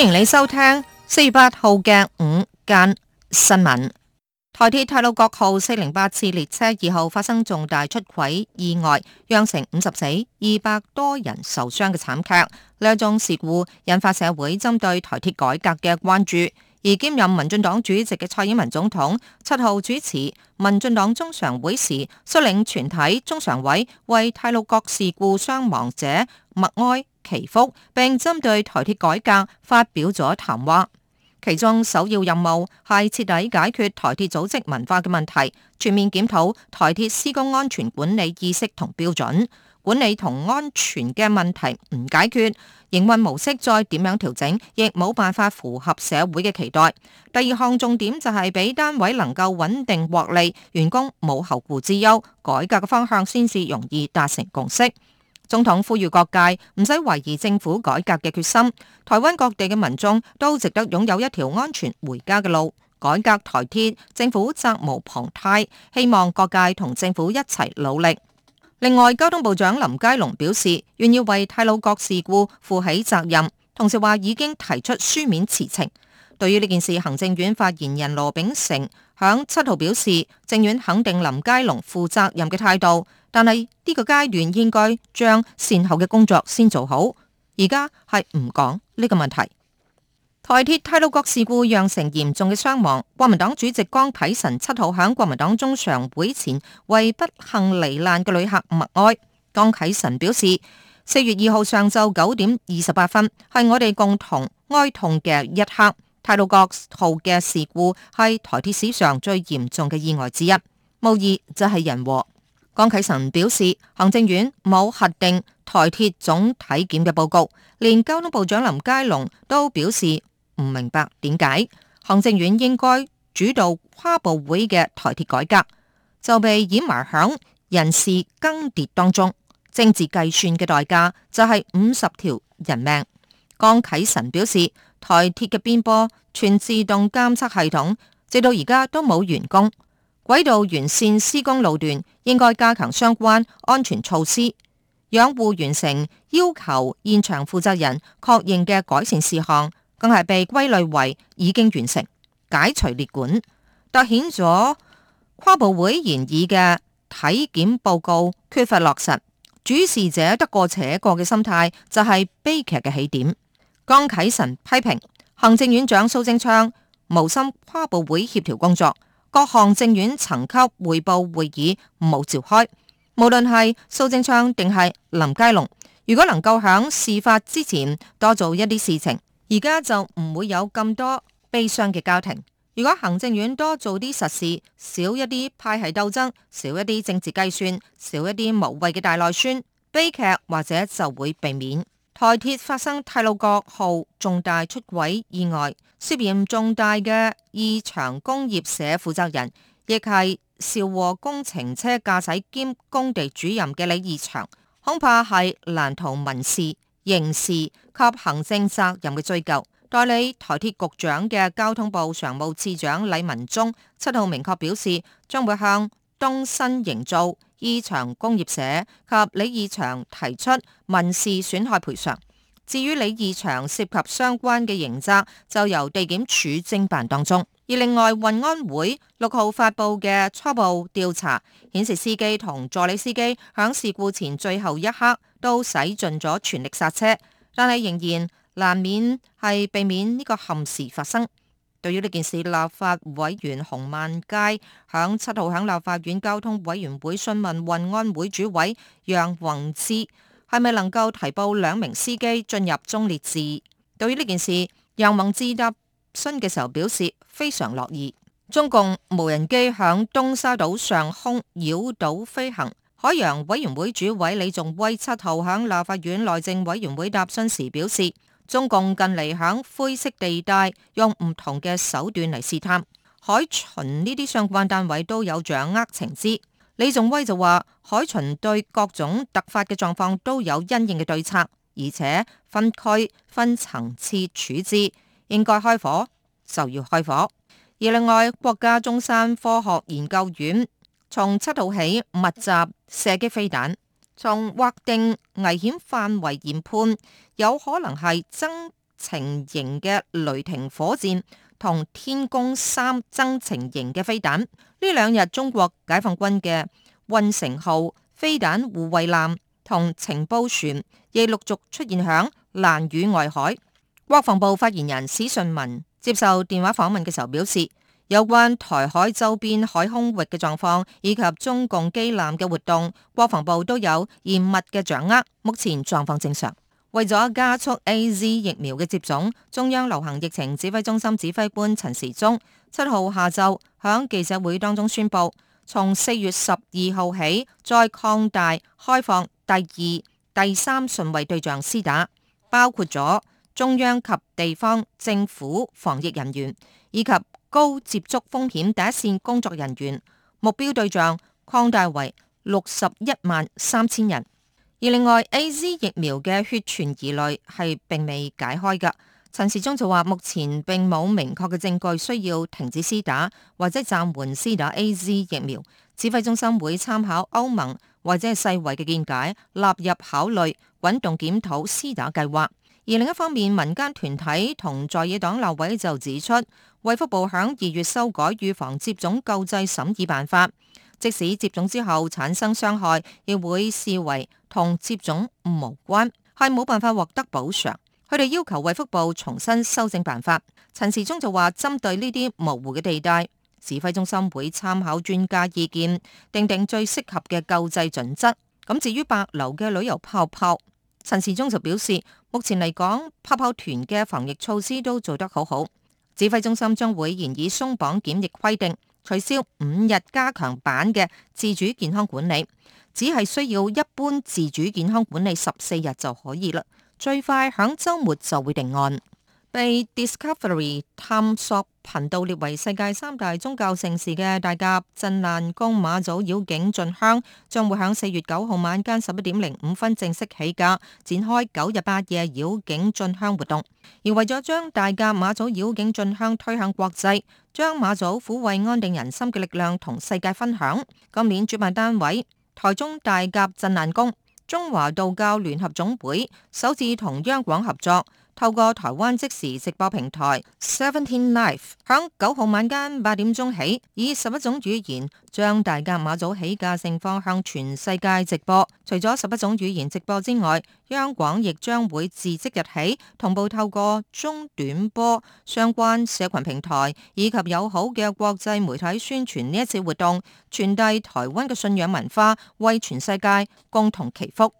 歡迎你收聽四月八號嘅午間新聞。台鐵太魯閣號四零八次列車二號發生重大出軌意外，釀成五十死二百多人受傷嘅慘劇。呢一宗事故引發社會針對台鐵改革嘅關注。而兼任民進黨主席嘅蔡英文總統七號主持民進黨中常會時，率領全體中常委為太魯閣事故傷亡者默哀。祈福，並針對台鐵改革發表咗談話。其中首要任務係徹底解決台鐵組織文化嘅問題，全面檢討台鐵施工安全管理意識同標準，管理同安全嘅問題唔解決，營運模式再點樣調整，亦冇辦法符合社會嘅期待。第二項重點就係俾單位能夠穩定獲利，員工冇後顧之憂，改革嘅方向先至容易達成共識。總統呼籲各界唔使懷疑政府改革嘅決心，台灣各地嘅民眾都值得擁有一條安全回家嘅路。改革台鐵，政府責無旁貸，希望各界同政府一齊努力。另外，交通部長林佳龍表示願意為太魯閣事故負起責任，同時話已經提出書面辭呈。對於呢件事，行政院發言人羅秉成響七號表示，政院肯定林佳龍負責任嘅態度，但係呢個階段應該將善後嘅工作先做好，而家係唔講呢個問題。台鐵太魯閣事故釀成嚴重嘅傷亡，國民黨主席江啟臣七號喺國民黨中常會前為不幸罹難嘅旅客默哀。江啟臣表示，四月二號上晝九點二十八分係我哋共同哀痛嘅一刻。太魯閣號嘅事故係台鐵史上最嚴重嘅意外之一，無疑就係人禍。江啟臣表示，行政院冇核定台鐵總體檢嘅報告，連交通部長林佳龍都表示唔明白點解行政院應該主導跨部會嘅台鐵改革，就被掩埋響人事更迭當中，政治計算嘅代價就係五十條人命。江啟臣表示，台鐵嘅邊波。全自動監測系統直到而家都冇完工，軌道全線施工路段應該加強相關安全措施。養護完成要求現場負責人確認嘅改善事項，更係被歸類為已經完成，解除列管，凸顯咗跨部會言議嘅體檢報告缺乏落實。主事者得過且過嘅心態就係悲劇嘅起點。江啟臣批評。行政院長蘇貞昌無心跨部會協調工作，各行政院層級匯報會議冇召開。無論係蘇貞昌定係林佳龍，如果能夠響事發之前多做一啲事情，而家就唔會有咁多悲傷嘅家庭。如果行政院多做啲實事，少一啲派系鬥爭，少一啲政治計算，少一啲無謂嘅大內宣，悲劇或者就會避免。台鐵發生太魯閣號重大出軌意外，涉嫌重大嘅義祥工業社負責人，亦係兆和工程車駕駛兼工地主任嘅李義祥，恐怕係難逃民事、刑事及行政責任嘅追究。代理台鐵局長嘅交通部常務次長李文忠七號明確表示，將會向東新營造、義祥工業社及李義祥提出民事損害賠償。至於李義祥涉及相關嘅刑責，就由地檢署偵辦當中。而另外運安會六號發布嘅初步調查顯示，司機同助理司機響事故前最後一刻都使盡咗全力剎車，但係仍然難免係避免呢個憾事發生。對於呢件事，立法委員洪萬佳響七號響立法院交通委員會詢問運安會主委楊宏智，係咪能夠提報兩名司機進入忠烈祠？對於呢件事，楊宏智答詢嘅時候表示非常樂意。中共無人機響東沙島上空繞島飛行，海洋委員會主委李仲威七號響立法院內政委員會答詢時表示。中共近嚟響灰色地帶用唔同嘅手段嚟試探海巡，呢啲相關單位都有掌握情資。李仲威就話海巡對各種突發嘅狀況都有因應嘅對策，而且分區分層次處置，應該開火就要開火。而另外，國家中山科學研究院從七號起密集射擊飛彈。從劃定危險範圍研判，有可能係增程型嘅雷霆火箭同天宮三增程型嘅飛彈。呢兩日，中國解放軍嘅運城號飛彈護衛艦同情報船亦陸續出現響蘭嶼外海。國防部發言人史順文接受電話訪問嘅時候表示。有關台海周邊海空域嘅狀況以及中共機艦嘅活動，國防部都有嚴密嘅掌握，目前狀況正常。為咗加速 AZ 疫苗嘅接種，中央流行疫情指揮中心指揮官陳時中七號下晝響記者會當中宣布，從四月十二號起再擴大開放第二、第三順位對象施打，包括咗。中央及地方政府防疫人員以及高接觸風險第一線工作人員，目標對象擴大為六十一萬三千人。而另外 AZ 疫苗嘅血栓疑慮係並未解開嘅。陳時中就話，目前並冇明確嘅證據需要停止施打或者暫緩施打 AZ 疫苗。指揮中心會參考歐盟或者世衛嘅見解，納入考慮，滾動檢討施打計劃。而另一方面，民間團體同在野黨立委就指出，衞福部喺二月修改預防接種救濟審議辦法，即使接種之後產生傷害，亦會視為同接種無關，係冇辦法獲得補償。佢哋要求衞福部重新修正辦法。陳時中就話，針對呢啲模糊嘅地帶，指揮中心會參考專家意見，訂定最適合嘅救濟準則。咁至於帛琉嘅旅遊泡泡。陳志忠就表示，目前嚟講，泡泡團嘅防疫措施都做得好好。指揮中心將會研議鬆綁檢疫規定，取消五日加強版嘅自主健康管理，只係需要一般自主健康管理十四日就可以啦。最快響周末就會定案。被 Discovery 探索頻道列為世界三大宗教盛事嘅大甲鎮瀾宮媽祖繞境進香，將會喺四月九號晚間十一點零五分正式起駕，展開九日八夜繞境進香活動。而為咗將大甲媽祖繞境進香推向國際，將媽祖撫慰安定人心嘅力量同世界分享，今年主辦單位台中大甲鎮瀾宮、中華道教聯合總會首次同央廣合,合作。透過台灣即時直播平台 Seventeen Life，響九號晚間八點鐘起，以十一種語言將大家馬祖起駕盛況向全世界直播。除咗十一種語言直播之外，央廣亦將會自即日起同步透過中短波相關社群平台以及友好嘅國際媒體宣傳呢一次活動，傳遞台灣嘅信仰文化，為全世界共同祈福。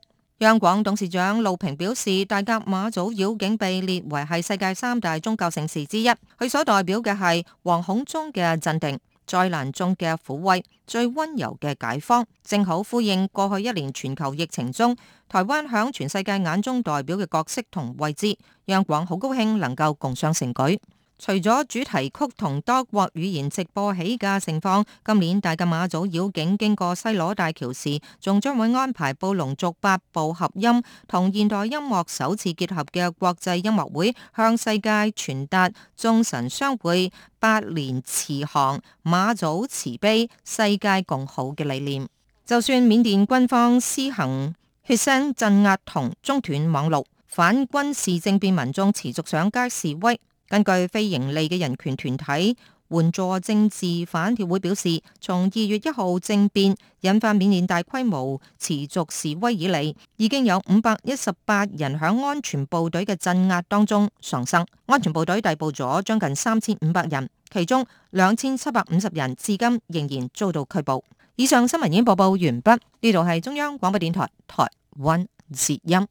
央廣董事長路平表示，大甲媽祖遶境被列為係世界三大宗教盛事之一，佢所代表嘅係惶恐中嘅鎮定、災難中嘅撫慰、最温柔嘅解方，正好呼應過去一年全球疫情中台灣響全世界眼中代表嘅角色同位置。央廣好高興能夠共襄盛舉。除咗主題曲同多國語言直播起駕盛況，今年大嘅媽祖遶境經過西螺大橋時，仲將會安排布農族八部合音同現代音樂首次結合嘅國際音樂會，向世界傳達眾神相會、百年慈航、媽祖慈悲、世界共好嘅理念。就算緬甸軍方施行血腥鎮壓同中斷網絡，反軍事政變民眾持續上街示威。根據非營利嘅人權團體援助政治犯協會表示，從二月一號政變引發緬甸大規模持續示威以嚟，已經有五百一十八人喺安全部隊嘅鎮壓當中喪生，安全部隊逮捕咗將近三千五百人，其中兩千七百五十人至今仍然遭到拘捕。以上新聞已經播報報完畢，呢度係中央廣播電台台灣之音。